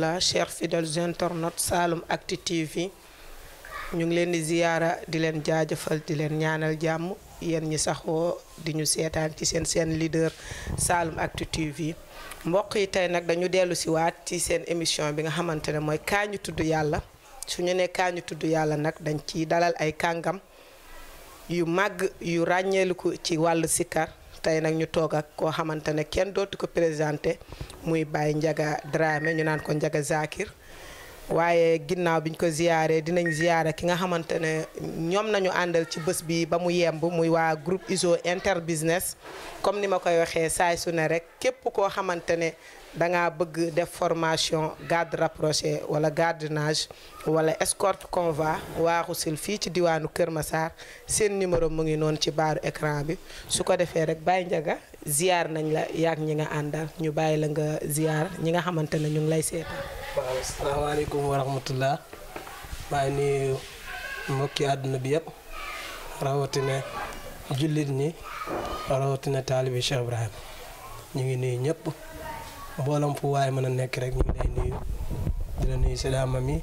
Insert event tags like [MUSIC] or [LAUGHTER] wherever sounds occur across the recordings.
rahmatullah chers fidèles internautes Saloum Actu TV ñu ngi leen di ziyaara di leen jaajëfal di leen ñaanal jàmm yéen ñi saxoo di ñu seetaan ci seen seen leader Saloum Actu TV mbokk yi tey nag dañu dellu si waat ci seen émission bi nga xamante ne mooy kaa tudd yàlla su ñu ne kaa tudd yàlla nag dañ ciy dalal ay kàngam yu màgg yu ràññeeliku ci wàll sikkar tey nag ñu toog koo xamante ne kenn dootu ko présenté muy Baye njaga Dramé ñu naan ko Ndiaga Zakir waaye ginnaaw biñ ko ziyaaree dinañ ziyaare ki nga xamante ne ñoom nañu àndal ci bës bi ba mu yemb muy waa groupe ISO interbusiness comme ni ma koy waxee saay su ne rek képp koo xamante ne da nga bëgg def formation garde rapproché wala gardiennage wala escorte convoi waxu sil fi ci diwanu Kër Massar seen numéro mu ngi non ci baaru écran bi su ko défé rek bay ziar nañ la yak ñi nga andal ñu bay la nga ziar ñi nga xamantene ñu ngi lay seetaan. assalamu alaykum wa rahmatullah maa ngi nuyu mbokki bi Cheikh ibrahim ñi ngi ni ñëpp. mboolam fu waaye mën a nekk rek ñu ngi lay nuyu di nuyu Seyda Mamy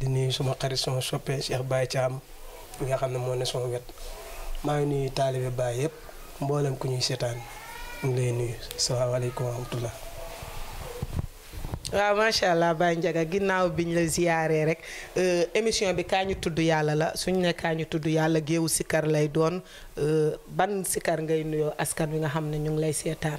di nuyu suma xarit sama soppe Cheikh Baye Thiam mi nga xam ne moo ne sama wet maa ngi nuyu taalibe Baye yëpp mboolem ku ñuy seetaan ñu ngi nuyu salaamaaleykum wa macha allah Baye Ndiaga ginnaaw bi ñu la ziyaaree rek euh, émission bi kaa ñu tudd yàlla la suñu ne kaa ñu tudd yàlla géewu sikar lay doon euh, ban sikar ngay nuyoo askan wi nga xam ne ñu ngi lay seetaan.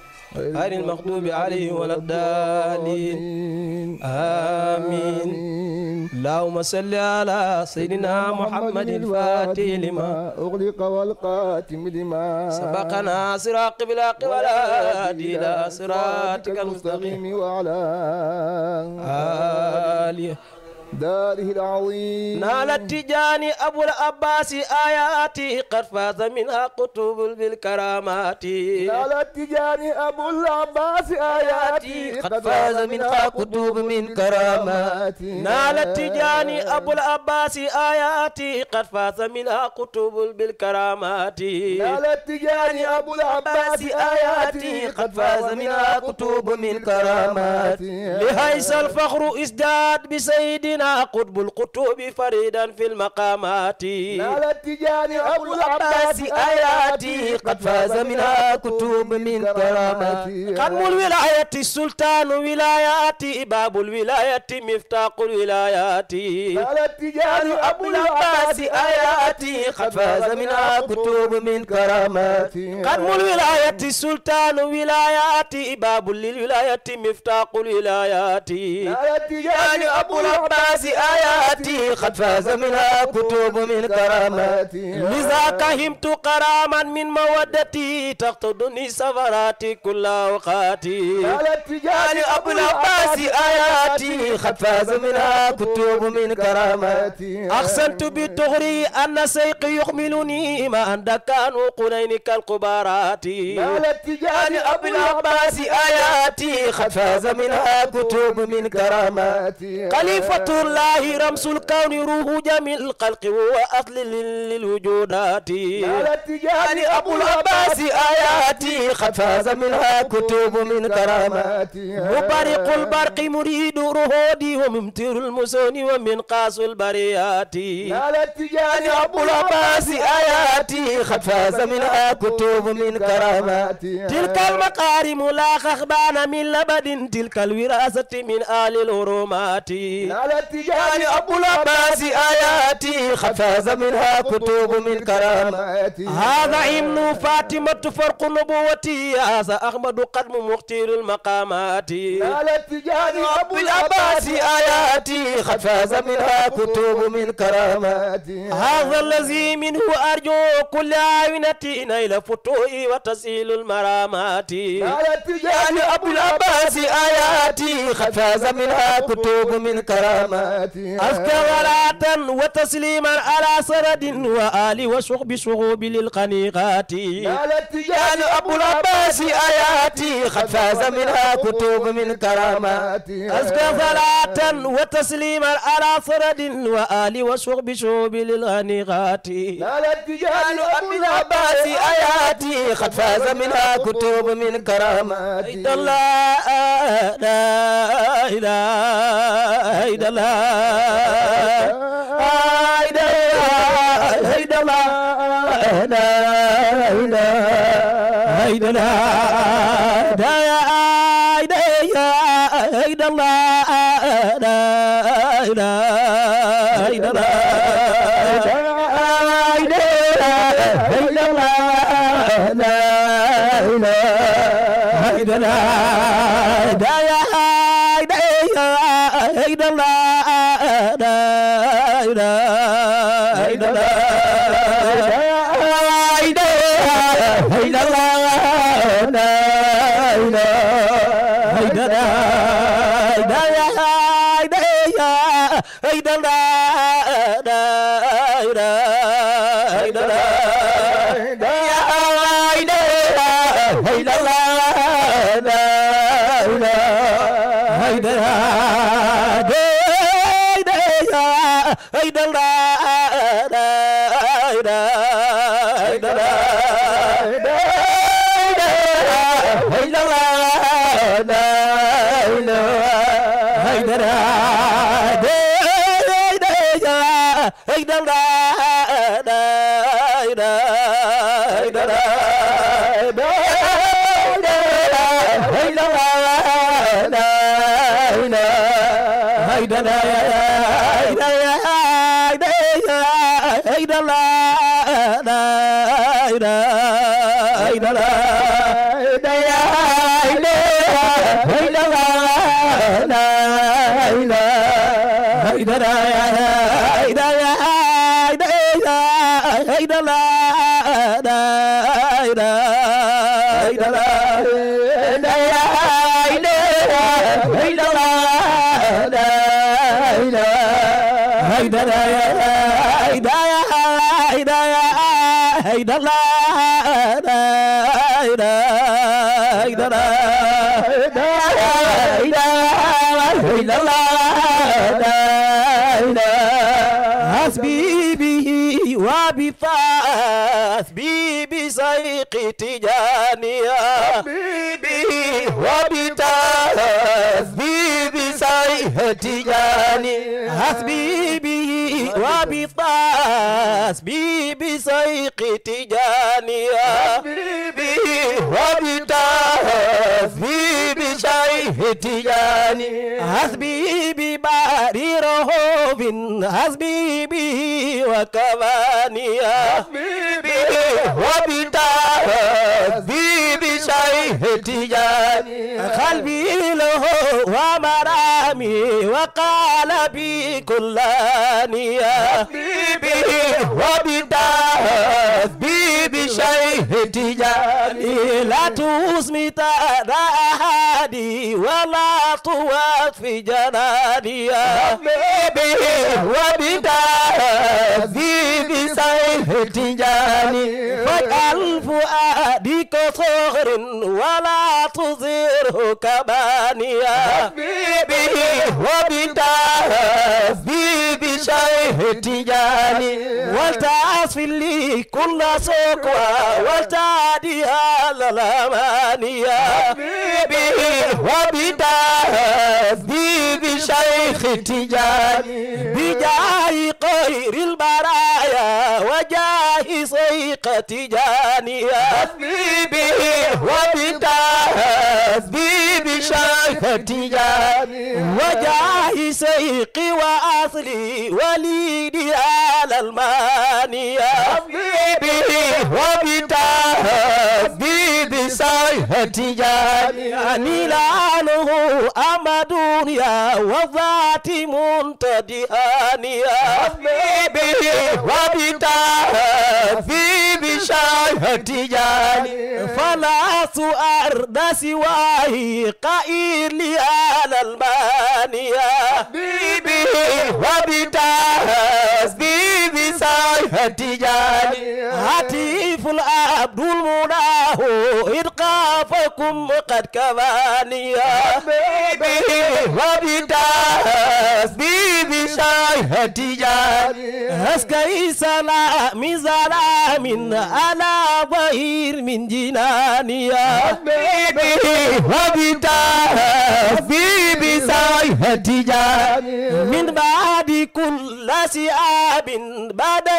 غير المغضوب عليه ولا الضالين آمين اللهم صل على سيدنا محمد الفاتح لما أغلق والقاتم لما سبقنا سراق بلا ولا إلى صراطك المستقيم وعلى آله مقداره العظيم نالت تجاني أبو العباس آياتي قد فاز منها قطب بالكرامات نالت تجاني أبو العباس آياتي قد فاز منها قطب من كرامات نالت تجاني أبو العباس آياتي قد فاز منها قطب بالكرامات نالت تجاني أبو العباس آياتي قد فاز منها قطوب من كرامات لهيس الفخر ازداد بسيدنا قطب القطوب فريدا في المقامات لا التجاني أبو العباس آياتي قد فاز منها كتب من كراماتي قدم الولاية السلطان ولاياتي باب الولاية مفتاق الولايات لا التجاني أبو العباس آياتي قد فاز منها كتب من كراماتي قدم الولاية السلطان ولاياتي باب للولاية مفتاق الولايات لا التجاني أبو العباس الناس آياتي قد فاز منها كتب من كراماتي لذا كهمت كراما من مودتي تقتضني سفراتي كل أوقاتي قال أبو يعني العباس آياتي قد فاز منها كتب من كراماتي أحسنت بتغري أن سيقي يحملني ما أندك كانوا قرين كالقبارات قال أبو العباس آياتي قد فاز منها كتب من كراماتي خليفة الله رمس الكون روح جميل الخلق هو أصل للوجودات على يعني أبو العباس آياتي خفاز منها كتب من كراماتي مبارق البرق مريد رهودي وممتر المسون ومن قاس البريات على يعني أبو العباس آياتي خفاز منها كتب من كراماتي تلك المقارم لا خخبان من لبد تلك الوراثة من آل الهرمات تجاني يعني أبو العباس آياتي خفاز منها كتب من كراماتي هذا ابن فاطمة فرق نبوتي هذا أحمد قدم مختير المقاماتي لا تجاني يعني أبو العباس آياتي خفاز منها كتب من كراماتي هذا الذي منه أرجو كل عينتي نيل فتوي وتسيل المراماتي لا تجاني يعني أبو العباس آياتي خفاز منها كتب من كراماتي أزكى وتسليما على سرد وآل وشغب شغوب للقنيقات نالت تجان أبو العباس آياتي قد فاز منها كتب من كراماتي أزكى صلاة وتسليما على سرد وآل وشغب شغوب للقنيقات نالت تجان أبو العباس آياتي قد فاز منها كتب من كراماتي الله لا إله إلا الله la I da, da, da, da, da. da da da وبتسبيب سيح تجاني حسبيبي وبتسبيب سيق تجاني حسبيبي وبتسبيب سيح تجاني حسبيبي باري رهوب حسبيبي وكباني حسبيبي وبتسبيب تجاني قلبي له ومرامي وقال بي كلانيا حبيبي وبداه بي بشيء تجاني لا تصمت رأهادي ولا في جناني حبيبي وبداه بي بشيء تجاني فالفؤاد بكثر ولا تزره كبانيا حبيبي وبتحبيبي شيخ تجاني والتعصف لي كل سكوى والتعدي على الأمانية حبيبي وبتحبيبي شيخ تجاني بجاه خير البرايا وجاه طريق تجانية حبيبي وبتحبيب شيخ تجاني وجاه سيقي وأصلي وليدي على المانية حبيبي وبتحبيب سيهتي جاني اما دنيا وذاتي منتديانيا حبيبي وبتا في بشاهتي جاني فلا سؤال سواهي قائل لي على المانيا حبيبي وبتا في بشاهتي جاني هتيف العبد المنادي خلفكم قد كفاني حبيبي وبتسبيب شاهديا أسكي سلامي سلام على ظهير من جناني حبيبي وبتسبيب شاهديا من بعد كل سياب بعد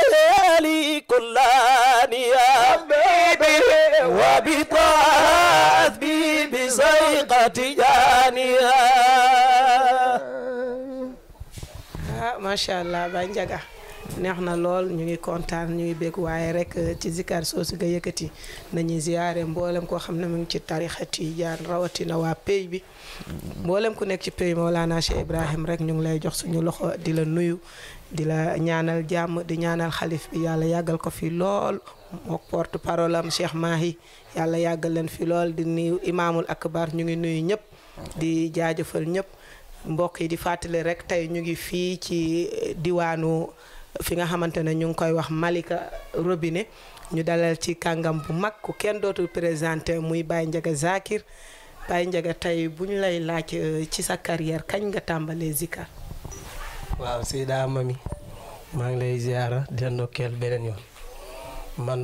لي كلاني حبيبي وبطاعت بي بزيقة جانيها macha allah Baye Ndiaga neex na lool ñu ngi kontaan ñu ngi bég waaye rek ci zikar soosu nga yëkkati nañuy ziyaare mboolem koo xam ne mu ngi ci tarixa tijaan rawatina waa pey bi mboolem ku nekk ci pey Mawlana Cheikh Ibrahim rek ñu ngi lay jox suñu loxo di la nuyu di la ñaanal jàmm di ñaanal xalif bi yàlla yàggal ko fi lool mook porte parole am Cheikh Mahi yàlla yàggal leen fi lool di nuyu imaamul akbar ñu ngi nuyu ñëpp di jaajëfal ñëpp mbokk yi di fàttali rek tey ñu ngi fii ci eh, diwaanu fi nga xamante ne ñu ngi koy wax Malika robine ñu dalal ci kàngam bu mag ku kenn dootul présenté muy Baye Ndiaga Zakir bay Ndiaga tey bu ñu lay laaj eh, ci sa carrière kañ nga tàmbalee zikar waaw Seyda Mami maa ngi lay ziara di la ndokkeel beneen yoon man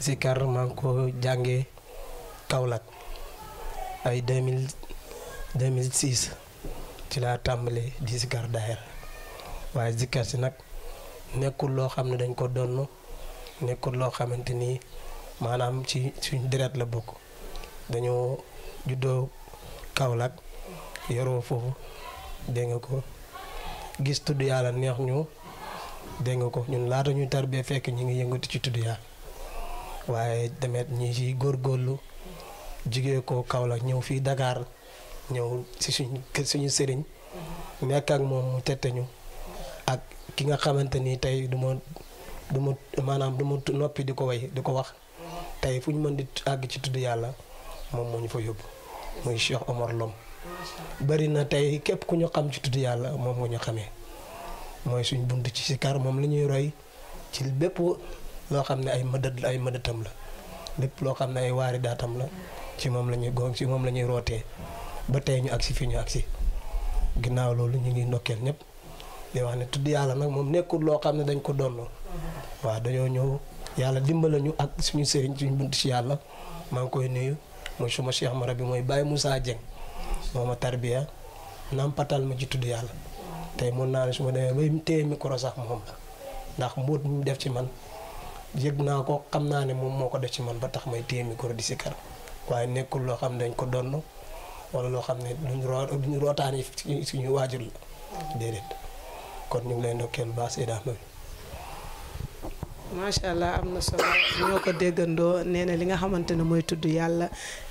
sikar maa ngi ko jàngee Kaolack ay 2000 2006 ci laa tàmbalee di sikar daayira waaye sikar si nag nekkul loo xam ne dañ ko donn nekkul loo xamante ni maanaam ci suñu deret la bokk dañoo juddoo Kaolack yoroo foofu dégg nga ko gis tudd yàlla neex ñu dégg nga ko ñun laata ñu tarbee fekk ñu ngi yëngatu ci tuddiyaa waaye demet ñi ci góorgóorlu jigee ko Kaolack ñëw fii Dakar ñëw si suñu suñu sëriñ nekk ak moom mu tette ñu ak ki nga xamante ni tey du ma du ma maanaam du ma noppi di ko way di ko wax tey fu ñu mën di àgg ci tudd yàlla moom moo ñu fa yóbbu muy Cheikh Omar Lom bari tey képp ku ñu xam ci tudd yàlla moom nga ñu xamee mooy suñu bunt ci si kar moom lañuy ñuy roy ci bépp loo xam ne ay mëdët ay mëdëtam la lépp loo xam ne ay waari daatam la ci moom la ñuy goog ci moom la ñuy rootee ba tey ñu agsi fi ñu agsi ginnaaw loolu ñu ngi ndokkeel ñëpp di wax ne tudd yàlla nag moom nekkul loo xam ne dañ ko doon waaw dañoo ñëw yàlla dimbala ñu ak suñu sëriñ suñu bunt ci yàlla maa ngi koy nuyu mooy suma cheikh mara bi mooy Baye Moussa Dieng moo ma tarbiya nampatal ma ci tudd yàlla tey mun naa ne su ma demee may téye micro sax moom la ndax mbóot mu def ci man yëg naa ko xam naa ne moom moo ko def ci man ba tax may téye micro di si kar waaye nekkul loo xam ne dañ ko donn wala loo xam ne duñ roo duñ rootaani suñu waajur la mm. déedéet kon ñu ngi lay ndokkeel baax Seydou macha am na solo ñoo ko déggandoo nee na li nga xamante ne mooy tudd yàlla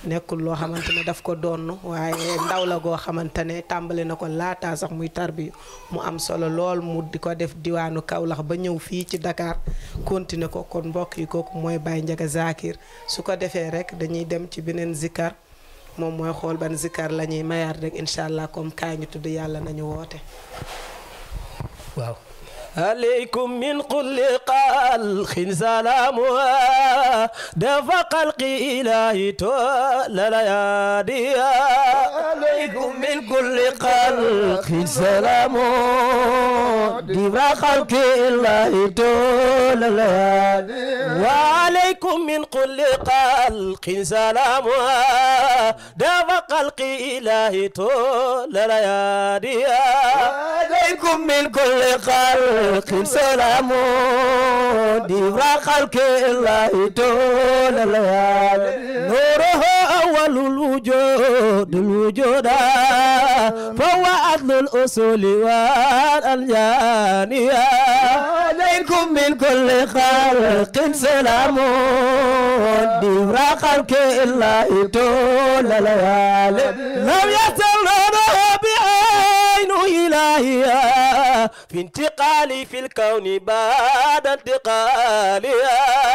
nekkul loo xamante ne daf ko doon waaye ndaw la goo xamante ne tàmbale na ko laataa sax muy tarbi mu am solo lool mu di ko def diwaanu Kaolack ba ñëw fii ci Dakar continuer ko kon mbokk yi kooku mooy bàyyi Ndiaga Zakir su ko defee rek dañuy dem ci beneen zikkar moom mooy xool ban zikkar la ñuy mayaar rek incha allah comme kaay ñu tudd yàlla nañu woote. waaw. عليكم من كل قال خن سلام دفع قلقي يا ديا عليكم من كل قال خن سلام دفع قلقي إلهي لليادي وعليكم من كل قال خن سلام دفع قلقي يا ديا عليكم من كل قال يقيم سلامه دبر خلق الله دول الليالي نوره أول الوجود الوجود فهو عدل الأصول والألجانية عليكم من كل خلق سلام دبر خلق الله دول الليالي لم يستطيع إلهي في انتقالي في الكون بعد انتقالي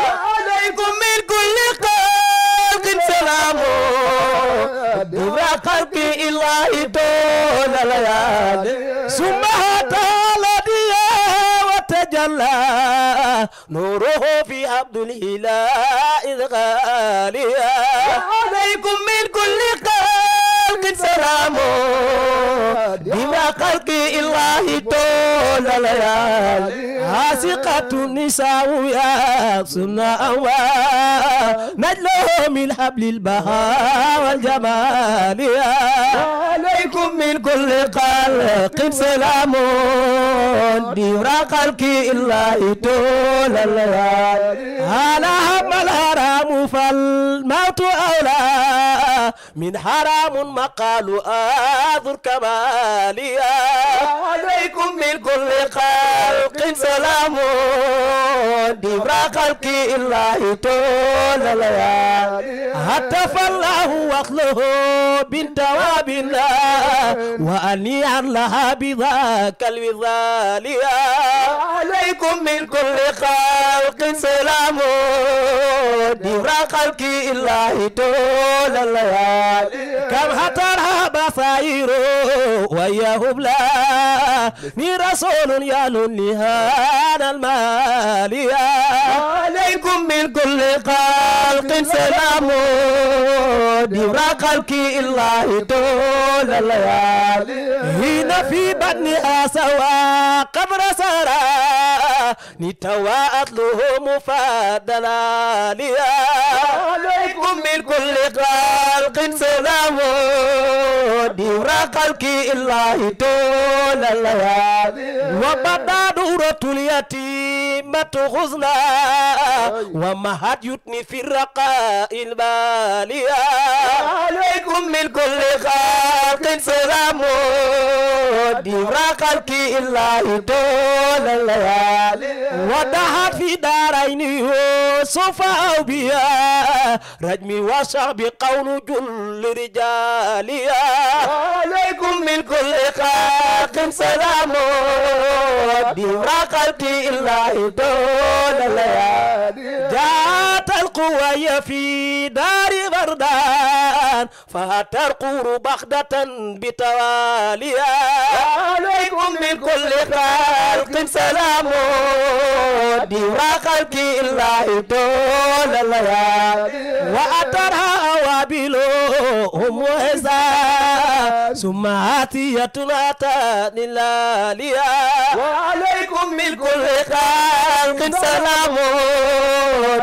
عليكم من كل قلب سلام دور قلبي إلهي طول الليالي ثم تعالى وتجلى نوره في عبد الإله إذ غاليا عليكم من كل قلب لكن سلامه بما خلق الله طول الليالي عاسقة النساء يا صنع نجله من حبل البهاء والجمال عليكم من كل خلق سلام ديرا خلق الله طول الليالي على هم الهرام فالموت أولاد من حرام مقال آذر كماليا عليكم من كل خلق سلام دبر خلق الله طول حتى فالله وخله الله وأني عن لها بذاك الوذاليا عليكم من كل خلق سلام يورا خلقي الله طول الليالي كم هترها سايرو وياهم لا ني رسول يلون لهذا المال عليكم من كل خلق سلام يورا خلقي الله طول الليالي هنا في أني أسوى قبر سارة نتواءت له مفادلا ليا عليكم من كل خلق سلام دورا خلق الله تولى وبدا دورة اليتيم الغيبة غزنا حد يتني في الرقاء الباليا عليكم من كل خلق سلام دبر خلق الله طول الليالي ودها في دارين يوسف بيا رجمي وشعب قول جل رجاليا عليكم من كل خلق عليهم سلام ربي وقلبي الله دون الليالي قواي في دار بردان فترقور بغدة بتواليا عليكم من كل خلق سلام ديوا خلق الله دول واترى وأترها هم وهزا ثم آتيتنا تنلاليا وعليكم من كل خلق سلام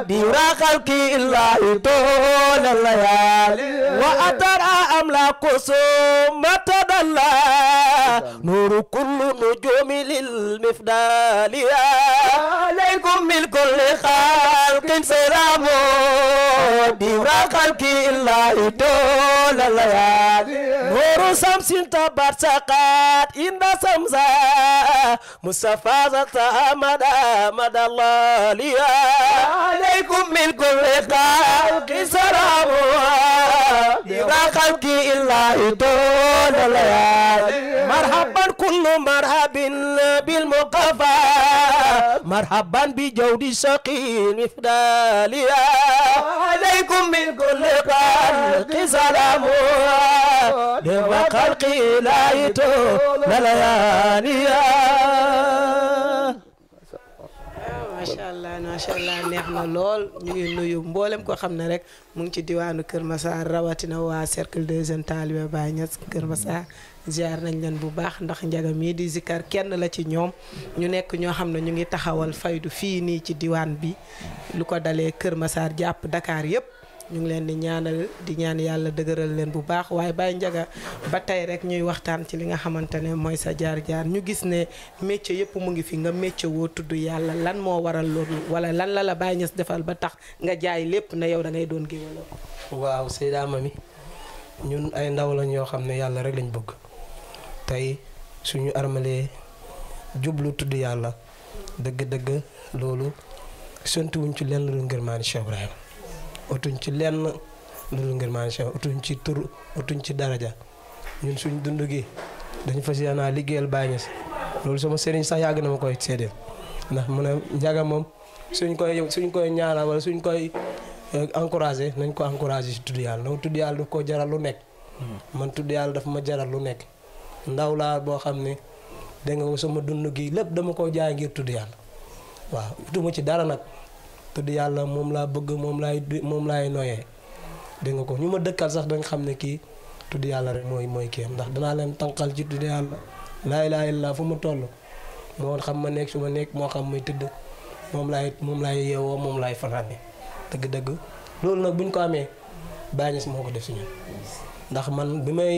ديوا خلق يبكي الله طول الليالي وأترى أملاك ثم تدلى نور كل نجوم للمفدال عليكم من كل خلق سلام ديورا خلقي إلا يدول الليالي نور شمس تبات سقات إن سمزا مصطفى زلت أمدا مدى الله لي عليكم من كل خلق سلام ديورا خلقي إلا يدول الليالي مرحبا كل مرحب بالمقفى مرحبا بجود الشقي مفداليا عليكم من كل خلق سلام لما خلقي لا يتوب للياليا macha allah macha allah neex na lool ñu ngi nuyu mboolem ko xam ne rek mu ngi ci diwaanu Kër Massar rawatina waa cercle des jeunes talibé Baye Niass Kër Massar ziar nañ leen bu baax ndax njagam mii di zikkar kenn la ci ñoom ñu nekk ñoo xam ne ñu ngi taxawal faydu fii nii ci diwaan bi lu ko dalee Kër Masaar jàpp Dakar yëpp ñu ngi leen di ñaanal di ñaan yàlla dëgëral leen bu baax waaye Baye Ndiaga ba tey rek ñuy waxtaan ci li nga xamante ne mooy sa jaar-jaar ñu gis ne métier yëpp mu ngi fi nga métier woo tudd yàlla lan moo waral loolu wala lan la la bay Niass defal ba tax nga jaay lépp na yow da ngay doon géwél. waaw Seyda ndaw lañ yoo xam ne yàlla rek lañ bëgg. tey suñu armalee jublu tudd yàlla dëgg-dëgg loolu sontuwuñ ci lenn lu ngërmaani Cheikh Ibrahima utuñ ci lenn lu ngërmaani Cheikh utuñ ci tur atuñ ci daraja ñun suñ dund gi dañu fas yéenaa liggéeyal bàyyi si loolu sama sëriñ sax yàgg na ma koy séedee ndax mu ne njaga moom suñ koy suñ koy ñaanal wala suñ koy eh, encouragé nañ ko encouragé si tudd yàlla ndax tudd yàlla daf ko jaral lu nekk hmm. man tudd yàlla daf ma jaral lu nekk ndaw laa boo xam ne dégg nga sama dund gi lépp dama ko jaay ngir tudd yàlla waaw utuma ci dara nag tudd yàlla moom laa bëgg moom laay moom laay noyee dégg nga ko ñu ma dëkkal sax danga xam ne kii tudd yàlla rek mooy mooy kii ndax danaa leen tànqal ci tudd yàlla laa ilaaha illallaah fu ma toll moo xam ma nekk su ma nekk moo xam may tëdd moom laay moom laay yeewoo moom laay fanaane dëgg-dëgg loolu nag bu ñu ko amee bàyyi moo ko def si ndax man bi may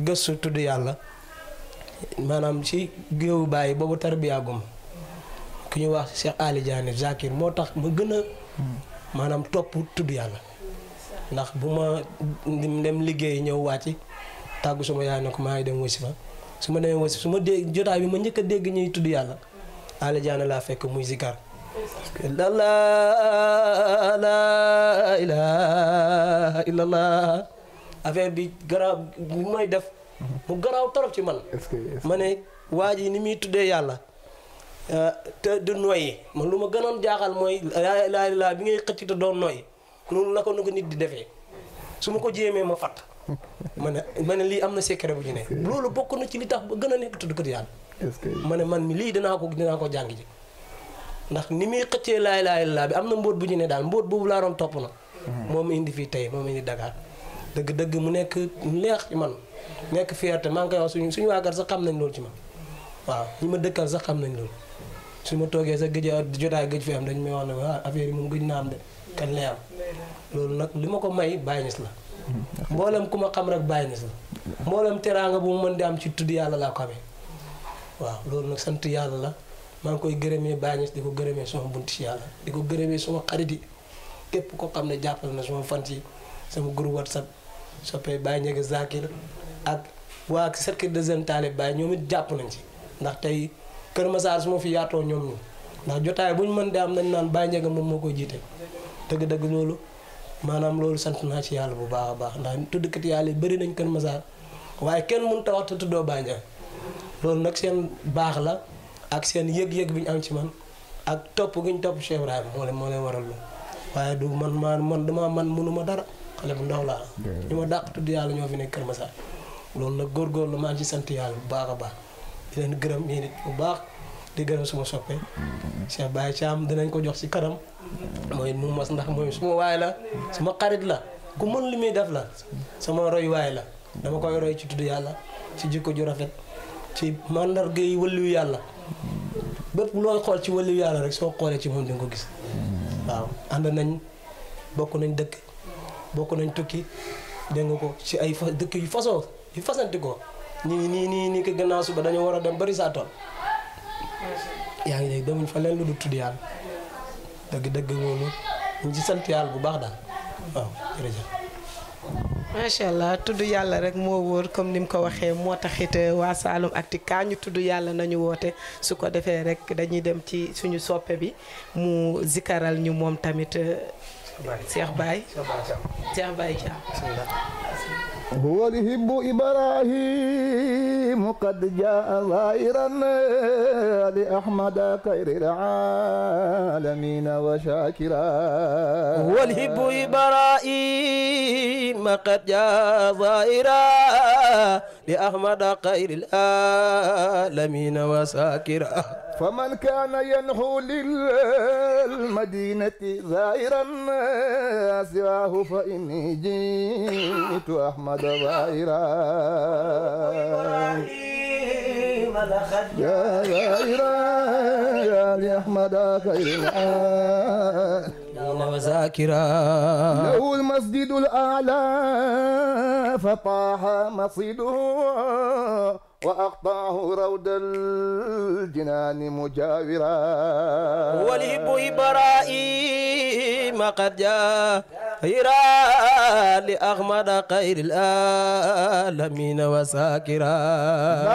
gëstu tudd yàlla maanaam ci géewu bàyyi boobu tarbiyaagum ki ñu wax Cheikh Ali Diané Zakir moo tax ma gën a maanaam topp tudd yàlla ndax bu ma dem liggéey ñëw wàcc tàgg suma yaay ne ko maa ngi dem wasi fa su ma demee wasi su ma dégg jotaay bi ma njëkk a dégg ñuy tudd yàlla Ali Diané laa fekk muy zikar la la ilaha illallah affaire bi garaaw li may def. mu garaaw torop ci man. ma ne waa ji ni muy tuddee yàlla. Euh, te du noyyi man lu ma gën gënoon jaaxal mooy laa ilaaha illallaah bi ngay xëcc te doo noyyi noonu la ko nu ko nit di defee su ma ko jéemee ma fatt ma ne ma ne lii am na secret bu ñu ne loolu bokk na ci li tax ba gën a nekk tuddkat yàlla ma ne man mi lii danaa ko dinaa ko jàng ji ndax ni muy xëccee laa ilaaha illallaah bi am na mbóot bu ñu ne daal mbóot boobu laa doon topp na hmm. moom indi fii tey moom indi Dakar dëgg-dëgg mu nekk leex ci man nekk fierté maa ngi koy wax suñu suñu waagar sax xam nañ loolu ci man waaw ñu ma dëkkal sax xam nañ loolu su ma toogee sa gëj a jotaay gëj fi am dañ may wax ne waa ah, affaire yi moom gëj naa am de kan lay loolu nag li ma ko may Baye la mboolem ku ma xam rek Baye Niass la mboolem teraanga bu mu mën di am ci tudd yàlla laa ko amee waaw loolu nag sant yàlla la maa ngi koy gërëmee Baye Niass di ko gërëmee suma bunt ci yàlla di ko gër suma xarit yi képp koo xam ne jàppal na suma fan sama groupe WhatsApp soppee Baye Ndiaga Zakir ak waa cercle de jeunes Talib Baye ñoom it jàpp nañ ci ndax tey Kër Massar su ma fi yaatoo ñoom ñu ndax jotaay bu ñu mën de am nañ naan Baye Ndiaga moom moo koy jiite dëgg-dëgg loolu maanaam loolu sant naa ci yàlla bu baax a baax ndax tuddkat yàlla yi bëri nañ Kër Massar waaye kenn mënut a wax te tuddoo Baye Ndiaga loolu nag seen baax la ak seen yëg-yëg bi ñu am ci man ak topp gi ñu topp Cheikh Ibrahima moo leen moo leen waral loolu waaye du man xale bu ndaw laa ñu ma dàq tudd yàlla ñoo fi nekk Kër Massar loolu la góorgóorlu maa ngi ci sant yàlla bu baax a baax di leen gërëm yéen it bu baax di gërëm suma soppe Cheikh Baye Thiam dinañ ko jox ci kanam mooy nu mas ndax mooy suma waay la suma xarit la ku mën li muy def la sama royuwaay la dama koy roy ci tudd yàlla ci jikko ju rafet ci mandarga yi wëlliwu yàlla bépp looy xool ci wëlliwu yàlla rek soo xoolee ci moom di ko gis waaw ànd nañ bokk dëkk bokk nañ tukki dégg nga ko ci ay dëkk yu façon yu fasanti ko ñii nii nii nii ko gannaaw suba dañoo war a dem bari saa tool yaa ngi dégg demuñ fa leen lu tudd yàlla dëgg dëgg loolu ñu ci sant bu baax daal waaw allah tudd yàlla rek moo wóor comme ni mu ko waxee moo taxit euh, waa Saloum Actu kaa ñu tudd yàlla nañu woote su ko defee rek dañuy dem ci suñu soppe bi mu zikaral ñu moom tamit euh, Cheikh Baye Cheikh Baye Thiam. Cheikh Baye Thiam. هو الهب إبراهيم قد جاء ظاهرا لأحمد خير العالمين وشاكرا هو الهب إبراهيم قد جاء ظاهرا لأحمد خير العالمين وشاكرا فمن كان ينحو للمدينة ظاهرا سواه فإني جئت أحمد يا دائرا يا لأحمد خير الآن وذاكرا له المسجد الأعلى فطاح مصيده وأقطعه روض الجنان مجاورا وله إبراهيم قد جاء خيرا لأغمد خير الآلمين وساكرا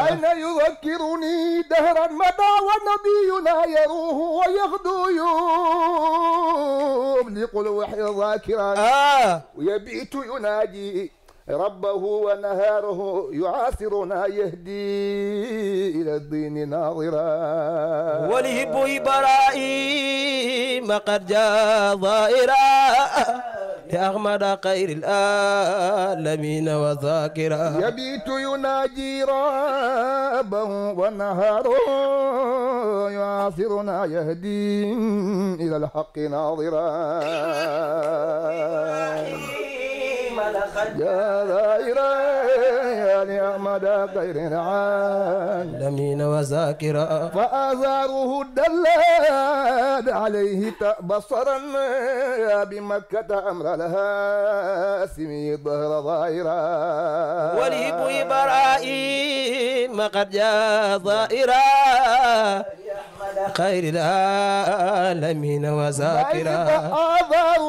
نين يذكرني دهرا مدى ونبينا يروه ويغدو يوم لقل وحي ذاكرا آه ويبيت ينادي ربه ونهاره يعاثرنا يهدي إلى الدين ناظرا ولهب إبراهيم قد جاء ظائرا لأغمد خير الآلمين وذاكرا يبيت يناجي رابا ونهارا يعاصرنا يهدي إلى الحق ناظرا يا ذائر يا نعمد غير يعني عان لمين وذاكرا فآزاره الدلال عليه تبصرا بمكة أمر لها سمي الظهر ظاهرا وليب إبراهيم قد جاء ظاهرا خير العالمين وزاكرا آذاه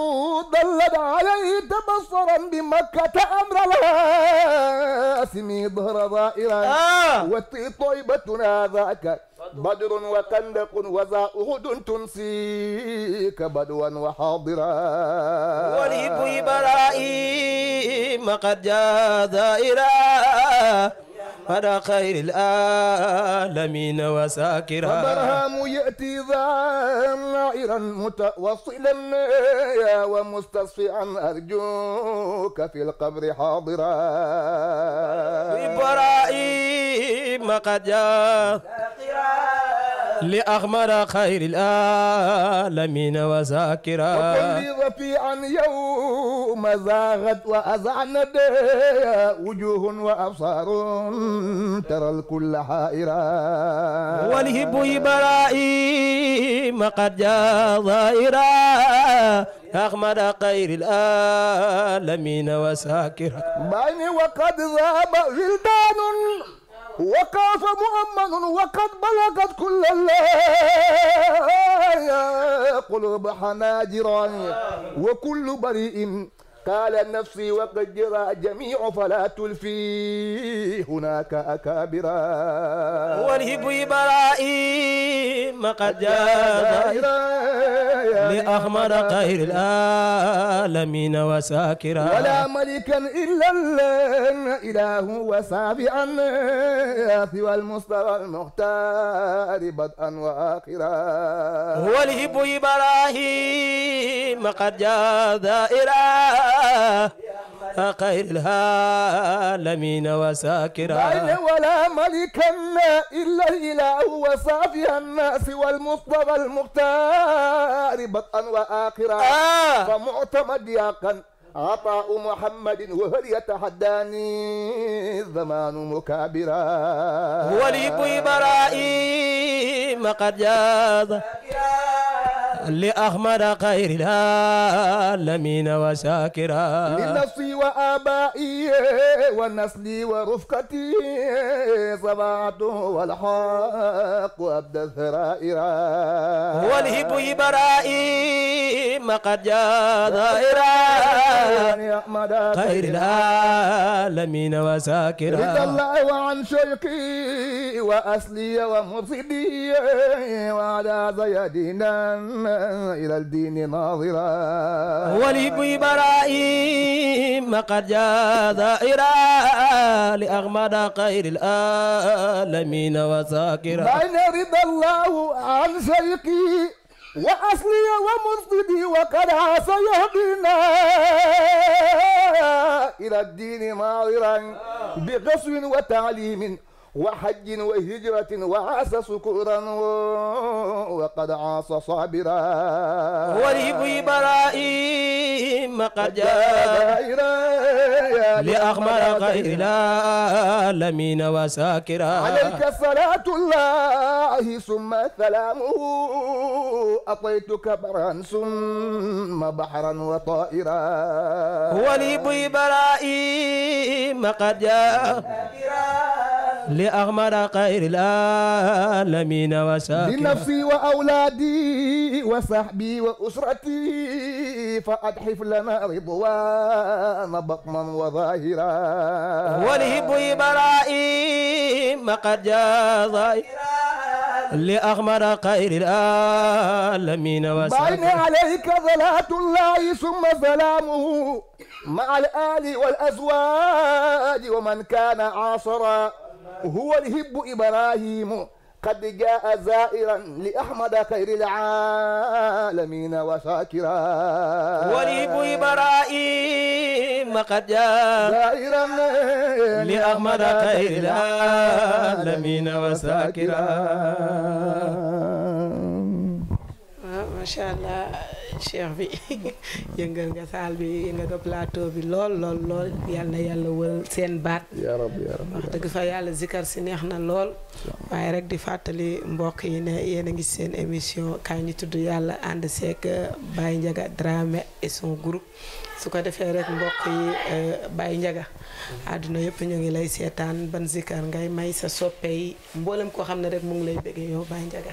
عليه تبصرا بمكة أمر الهاسم ظهر ظائرا آه. وطيبتنا ذاك بدر وكندق وذا أهد تنسيك بدوا وحاضرا ولي إبراهيم قد جاء ذائرا على خير العالمين وساكرا وبرهام يأتي ظاهرا متوصلا يا ومستصفعا أرجوك في القبر حاضرا إبراهيم قد جاء لأغمر خير العالمين وذاكرا وكن لي رفيعا يوم زاغت وأزعند وجوه وأبصار ترى الكل حائرا ولهب إبراهيم قد جاء ظائرا أغمر خير العالمين وساكرا بني وقد ذهب ولدان وقاف مؤمن وقد بلغت كل الله قلوب حناجر وكل بريء قال نفسي وقد جرى جميع فلا تلفي هناك أكابرا والهب إبراهيم قد جاء لأحمد خير العالمين وساكرا ولا ملكا إلا الإله وسابعا سوى المصطفى المختار بدءا وآخرا والهب إبراهيم قد جاء دائرا خير العالمين وساكرا بل ولا ملكا إلا الإله وصافي الناس والمصطفى المختار بطئا وآخرا آه فمعتمد يقن عطاء محمد وهل يتحداني الزمان مكابرا وليب إبراهيم قد جاز لأحمد خير العالمين وشاكرا لنفسي وآبائي ونسلي ورفقتي صبعت والحق أبدى الثرائرا والهب إبراهيم قد جاء خير العالمين وساكرا رضا الله وعن شيقي وأصلي ومرصدي وعلى دينا إلى الدين ناظرا ولي إبراهيم قد جاء ظائرا لأغمد خير العالمين وساكرا بين رضا الله عن شيقي وأصلي ومفقدي وقد عصى يهدينا إلى الدين معذرا آه. بقسو وتعليم وحج وهجرة وعاص سكورا وقد عاص صابرا وليب إبراهيم قد جاء لأخمر غير العالمين وساكرا عليك صلاة الله ثم سلامه أطيتك برا ثم بحرا وطائرا وليب إبراهيم قد جاء لأغمر خير الآلمين وساكر لنفسي وأولادي وصحبي وأسرتي فأضحف لنا رضوان بطنا وظاهرا ولهب إبراهيم قد جاء ظاهرا لأغمر خير الآلمين وساكر بين عليك صلاة الله ثم سلامه مع الآل والأزواج ومن كان عاصرا هو الهب إبراهيم قد جاء زائرا لأحمد خير العالمين وشاكرا وليب إبراهيم قد جاء زائرا لأحمد خير العالمين وشاكرا ما شاء الله cheikh bi yëngal nga saal bi yëngal nga plateau bi lool lool lool yal na yàlla wël seen baat wax dëgg fa yàlla zikar si neex na lool waaye rek di fàttali mbokk yi ne yéen a ngi seen émission kaay ñu tudd yàlla ànd seeg euh, Baye njaga Dramé et son groupe su ko defee rek mbokk yi euh, Baye Ndiaga àdduna yëpp ñu ngi lay seetaan ban zikar ngay may sa soppe yi mboolem koo xam ne rek mu ngi lay bëggee yow Baye Ndiaga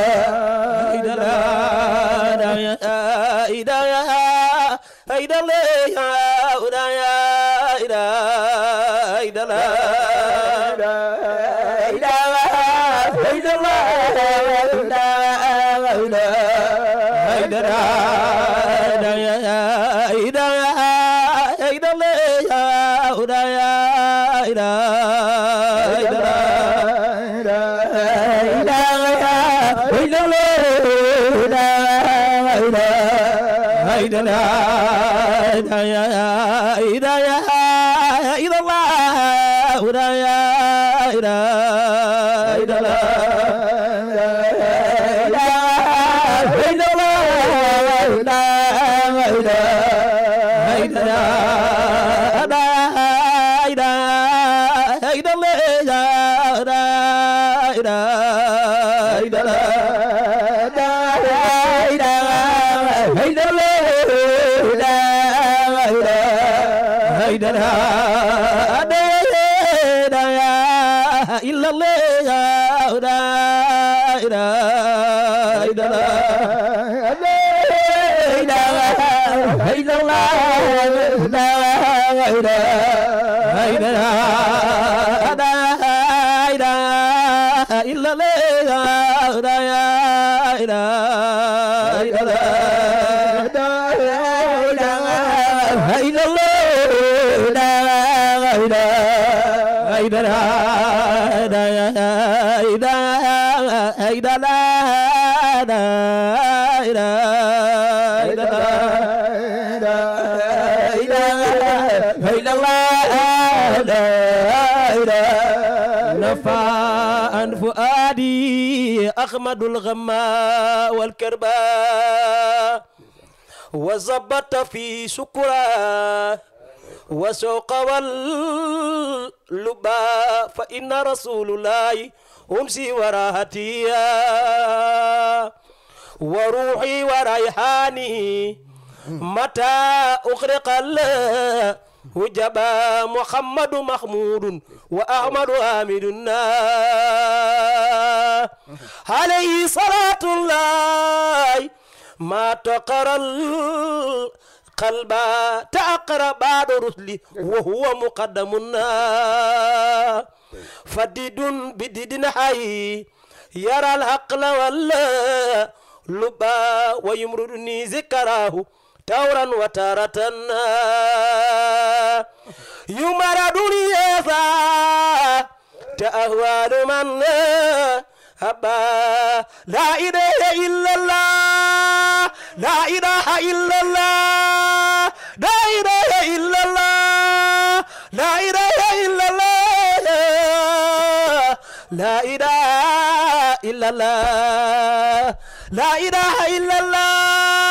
إلا الله أحمد الغماء والكرباء وزبط في سكرى وسوق واللباء فإن رسول الله أمسي وراهتي وروحي وريحاني متى أغرق الله وجبا محمد محمود وأحمد آمدنا عليه صلاة الله ما تقر القلب تأقر بعد رسلي وهو مقدمنا فديد بديد حي يرى الحق ولا لبا ويمرني ذكراه تورا وتارة يمرض ليفا تأهوال من أبا لا إله إلا الله لا إله إلا الله لا إله إلا الله لا إله إلا الله لا إله إلا الله لا إله إلا الله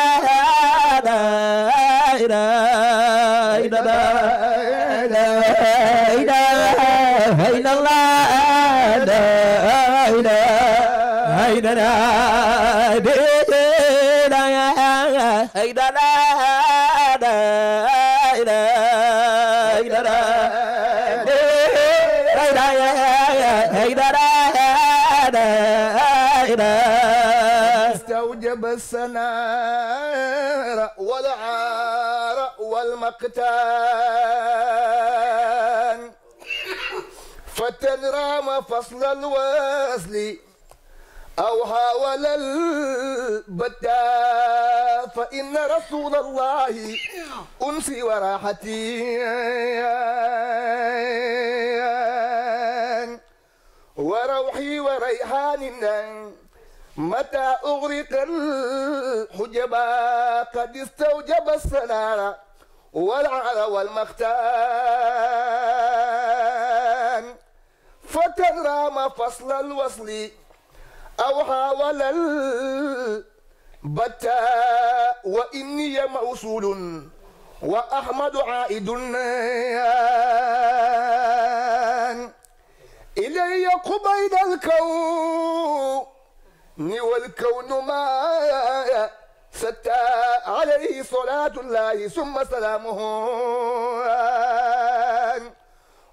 الختان فتنرام فصل الوصل أو حاول البتة فإن رسول الله أنسي وراحتي وروحي وريحان متى أغرق الحجبا قد استوجب السنارة والعهد والمختان فقد رام فصل الوصل أو حاول البتا وإني موصول وأحمد عائد إلي قبيل الكون والكون ما ستا عليه صلاة الله ثم سلامه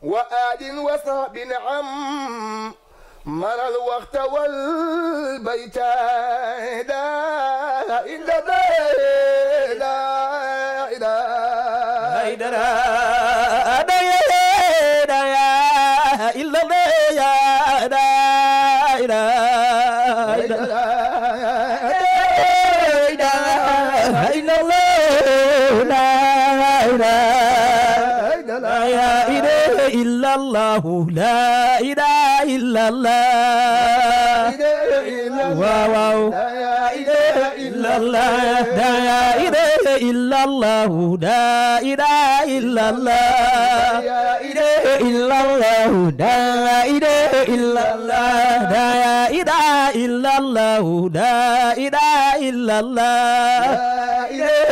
وآل وصحب نعم مر الوقت والبيت لا إلا لا لا لا إلا لا إلا لا لا الله لا إله إلا الله واو لا إله إلا الله لا إله إلا الله لا إله إلا الله لا إله إلا الله لا إله إلا الله لا إله إلا الله لا إله إلا الله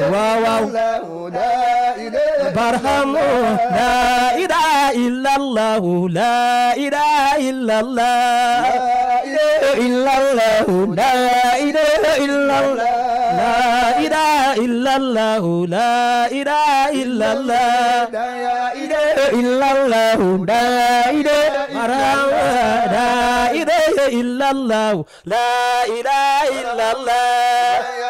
واو برهمو لا إله إلا الله لا إله إلا الله إلا الله لا إله إلا الله لا إله إلا الله لا إله إلا الله لا إله إلا الله لا إله لا إله إلا الله لا إله إلا الله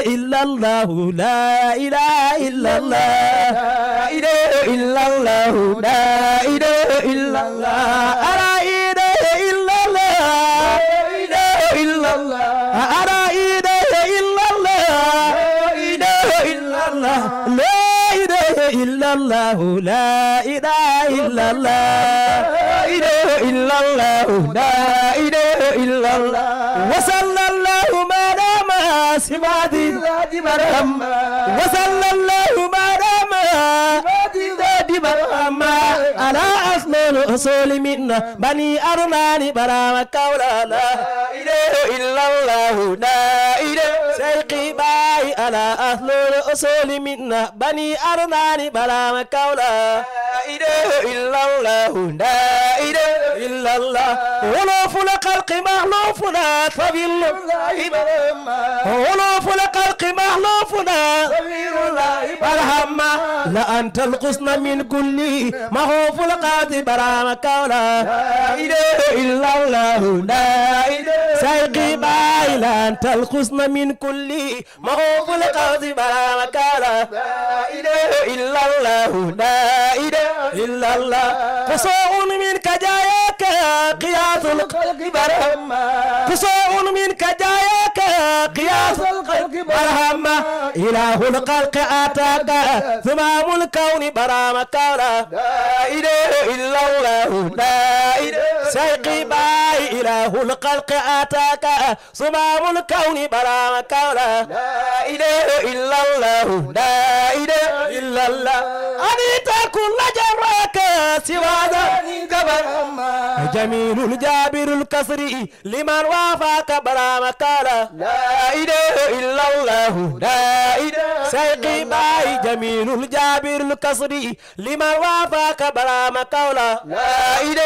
إلا الله لا إله إلا الله لا إله إلا الله لا إله إلا الله لا إله إلا الله لا إله إلا الله لا إله إلا الله لا إله إلا الله لا إله إلا الله لا إله إلا الله لا إله إلا الله لا إله إلا الله وصلى برهم وصلى الله برهم ذات برهم على أصل الأصول من بني أرمان برام كولانا إله إلا الله لا إله سيقي أنا أهل الأصول منا بني أرنان بلا مكولا لا إله إلا الله لا إله إلا الله ولوف الخلق مخلوفنا صبير الله برهما ولوف الخلق مخلوفنا صبير الله برهما لأنت القصن من كل ما هو فلقات برا مكولا لا إله إلا الله لا إله سيقي بايلا أنت القصن من كل ما هو القاضي ما مكالا لا إله إلا الله لا إله إلا الله قصاء منك جاياك قياس الخلق برهم قصاء منك جاياك قياس الخلق برهم إله الخلق أتاك ثمام الكون برامك لا إله إلا الله لا إله سيقي باي إله الخلق أتاك ثمام الكون برامك لا إله إلا الله لا إله إلا الله أنت كل جراك سوى ذلك برما جميل الجابر الكسري لمن وافاك برامك لا إله إلا الله لا دائد سيقي باي جميل الجابر الكسري لمن وافاك برام قولا دائد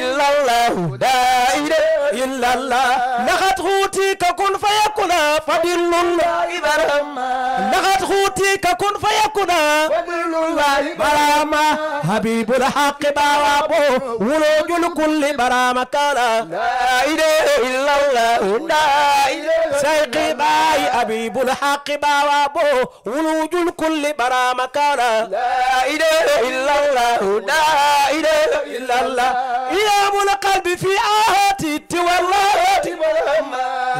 إلا الله دائد إلا الله لقد خوتيك كن فيكنا فضل الله برما لقد خوتيك كن فيكنا فضل الله برما حبيب الحق بوابه ولوج الكل برام قولا دائد إلا الله دائد سيقي باي أبيب الحق بوابه ولوج الكل برا مكانا لا إله إلا الله لا إله إلا الله إمام القلب في آهات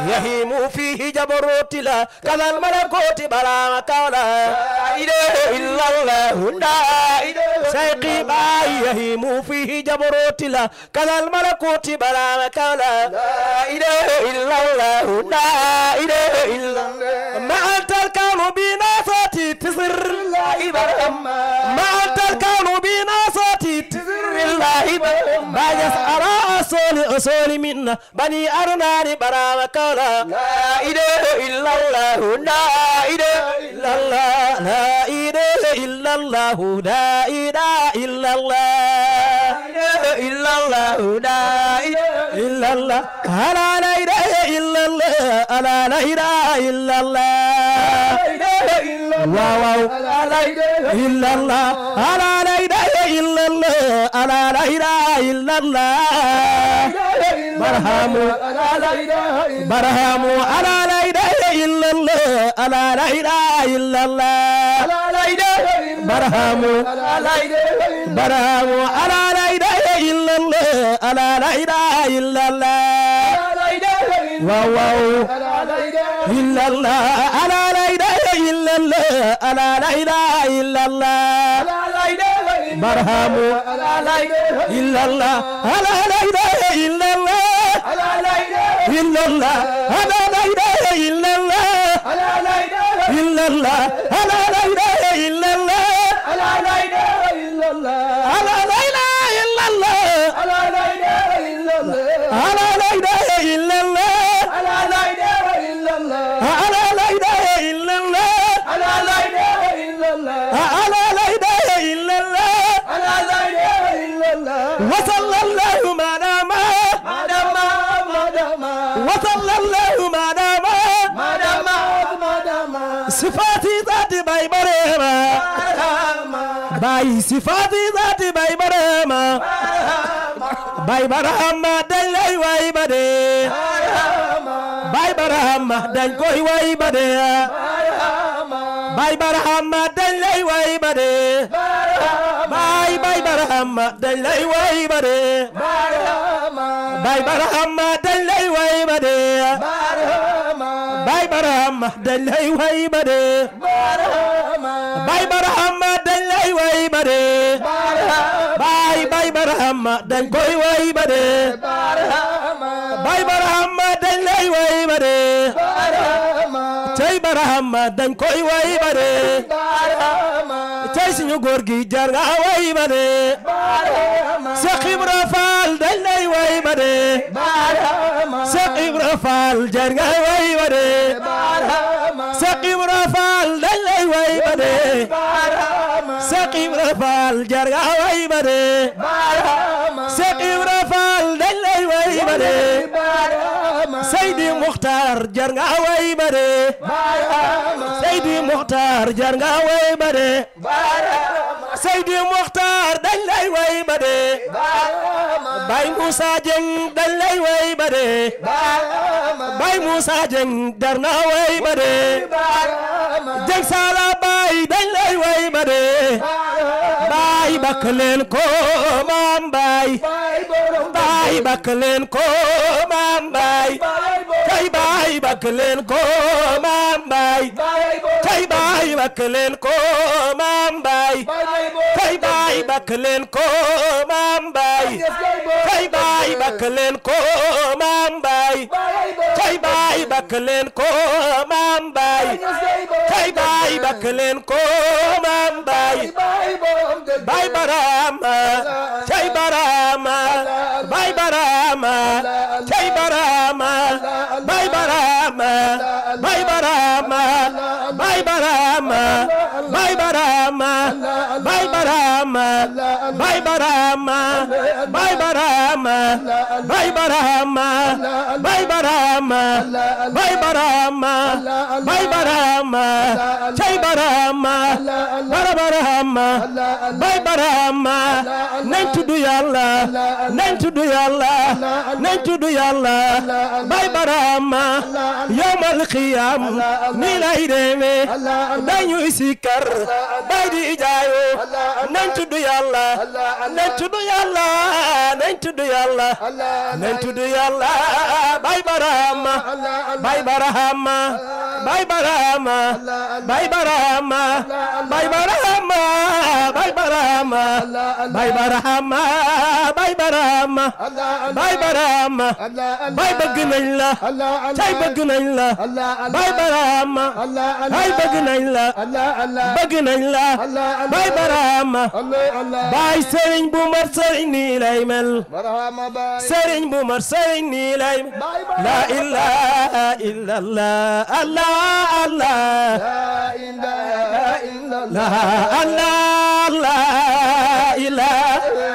يهيم فيه جبروت لا كذا الملكوت بلا مكالا لا إله إلا الله لا إله سيقي ما يهيم فيه جبروت لا كذا الملكوت بلا مكالا لا إله إلا الله لا إله إلا الله ما أنت الكون بنافاتي تسر لا إبر أما الأصول أصول منا بني أرناني برام كولا لا إله إلا الله لا إله إلا الله لا إله إلا الله لا إله إلا الله لا إله إلا الله ألا لا إله إلا الله ألا لا إله إلا الله waaw waaw la ilaha illallah ala la ilaha illallah ala la ilaha illallah barhamu barhamu ala la ilaha illallah ala la ilaha illallah barhamu barhamu ala la ilaha illallah ala la ilaha illallah waaw waaw إلا الله ألا لا إله إلا الله ألا لا إله إلا الله مرحم ألا لا إله إلا الله ألا لا إله إلا الله ألا لا إله إلا الله ألا لا إله إلا الله ألا لا إله إلا الله ألا sifati zati bay barama bay barama dañ lay way bade dee bay barama dañ koy way bade dee bay barama dañ lay way bade dee bay bay barama dañ lay way bade dee bay barama dañ lay way bade dee bay barama dañ lay way ba dee barahama dañ koy way ba dee barahama bay barahama dañ lay way ba dee barahama tey barahama dañ koy way ba dee barahama tey suñu góor gi jar nga way ba dee barahama Cheikh Ibra Fall dañ lay way ba dee barahama Cheikh Ibra Fall jar nga way ba dee barahama Cheikh Ibra Fall dañ lay way ba dee barahama Cheikh Ibra Fall jar nga way ba dee Muxtaar jar nga Baay Moussa Dieng dañ way ba Baay Moussa Dieng jar way ba dee. Saala Baay dañ way ba Baay bakk leen Baay. tey baay bakk leen ko maam baay tey baay bakk leen ko maam baay tey baay bakk leen ko maam ko maam baay bay barama tudd yàlla nañ tudd yàlla nañ bay barama yawmal xiyaam nii lay demee dañuy sikkar bay di jaayo nañ tudd yàlla nañ tudd yàlla nañ tudd yàlla bay barama bay barama bay barama bay barama bay barama barama bay barama bay barama bay bëgg nañ la tay bëgg nañ la bay barama tay bëgg nañ la bëgg nañ la bay barama bay sëriñ bu mar sëriñ nii lay mel sëriñ bu mar sëriñ nii lay mel la ilaha illallah allah allah la ilaha illallah la ilaha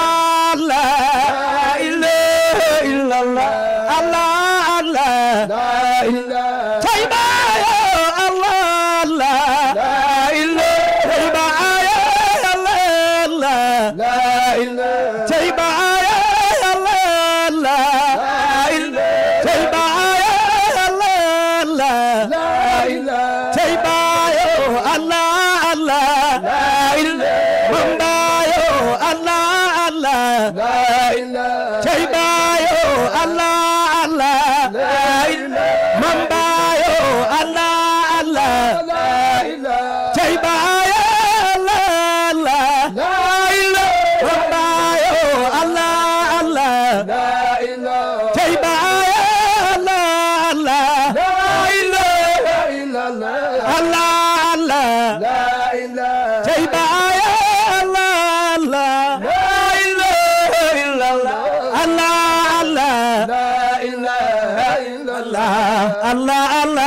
الله لا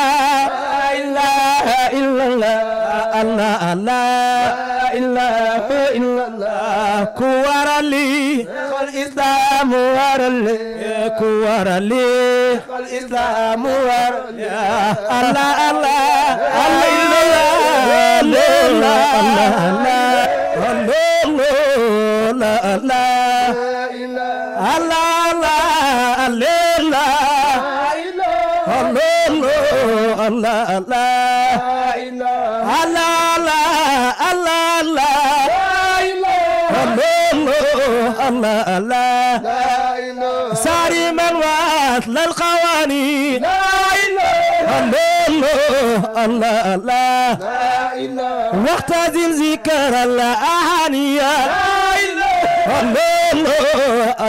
إله إلا الله الله لا إله إلا الله كوار لي الإسلام وار لي كوار لي الإسلام وار الله الله الله الله الله الله الله الله الله الله الله لا الله الله الله الله لا الله لا الله ساري الله الله الله لا الله الله الله لا الله الله الله الله لا